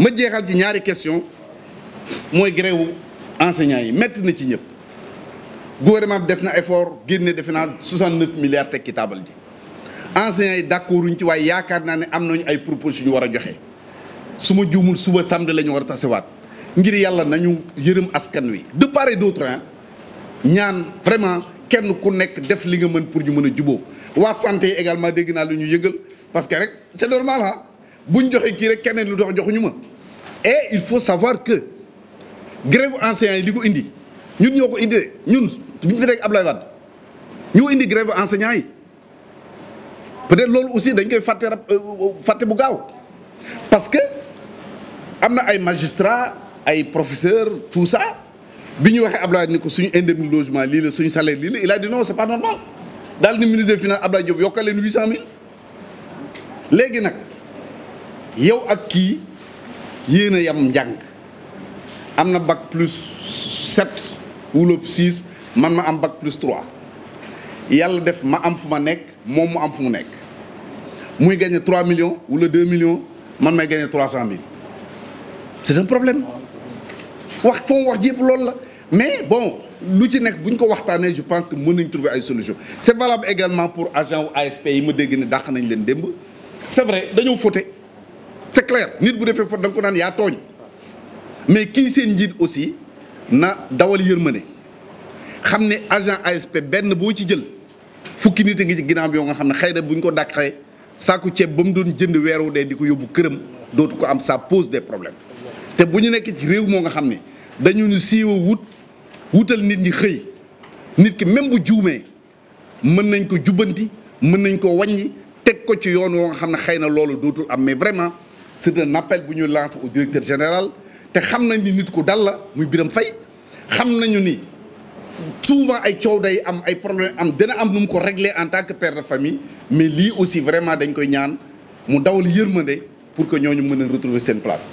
ma jeexal ci ñaari question mooy wu enseignants yi métti na ci ñëpp gouvernement bi def na effort génne defe naa 69 milliards tekki taabal ji enseignants yi d'accorduñ ci waaye yaakaar naa ne am nañu ay propositions yu war a joxe su ma juumul suba samedi la ñu war a tasewaat ngir yàlla nañu yërëm askan wi de part et d'autre ñaan vraiment kenn ku nekk def li nga mën pour ñu mën a juboo waa santé yi dégg naa lu ñu yëgal parce que rek c'est normal ah buñ joxe kii rek keneen lu dox joxuñu ma et il faut savoir que grève enseignants yi li ko indi ñun ñoo ko indi ñun bi fi nekk Abdoulaye Wade ñu indi grève enseignants yi peut-être loolu aussi dañ koy fàtte rab euh, euh, fàtte bu gaaw parce que am na ay magistrats ay professeurs tout ça bi ñu waxee Abdoulaye ni ko suñu indemnité logement lii la suñu salaire lii la il a dit non c'est pas normal daal ni ministre des finances Abdoulaye Diop yokkal leen huit cent mille léegi nag yow ak kii. yéen a yam njàng am na bac plus 7 wala 6 man ma am bac plus 3 yàlla def ma am fu ma nekk moom mu am fu mu nekk muy gagné 3 millions wala deux millions man may gagné 300 mille c'est un problème wax foo wax jépp loolu la mais bon lu ci nekk bu ñu ko waxtaanee je pense que mën nañ trouver ay solution c'est valable également pour agent wu ASP yi ma dégg ne dàq nañ leen démb c'est vrai dañoo fauté c'est nit bu defee faute da nga ko naan yaa tooñ mais kii seen njiit aussi na dawal yërmande xam ne agent ASP benn boo ci jël fukki nit a ngi ci ginnaaw bi yoo nga xam ne xëy na bu ko dàqee saaku ceeb ba mu doon jënd weeru dee di ko yóbbu këram dootu ko am ça des problèmes te bu ñu nekk ci réew moo nga xam ne dañu ñu siiwa wut wutal nit ñi xëy nit ki même bu juumee mën nañ ko jubbanti mën nañ ko wàññi teg ko ci yoon woo nga xam ne xëy na loolu dootul am mais vraiment c'est un appel bu ñu lancé au directeur général te xam nañ ni nit ku dal la muy biram fay xam nañu ni souvent ay coow day am ay problème am dina am nu mu ko régler en tant que per de famille mais lii aussi vraiment dañ koy ñaan mu dawal yërmande pour que ñooñu mën a retrouver seen place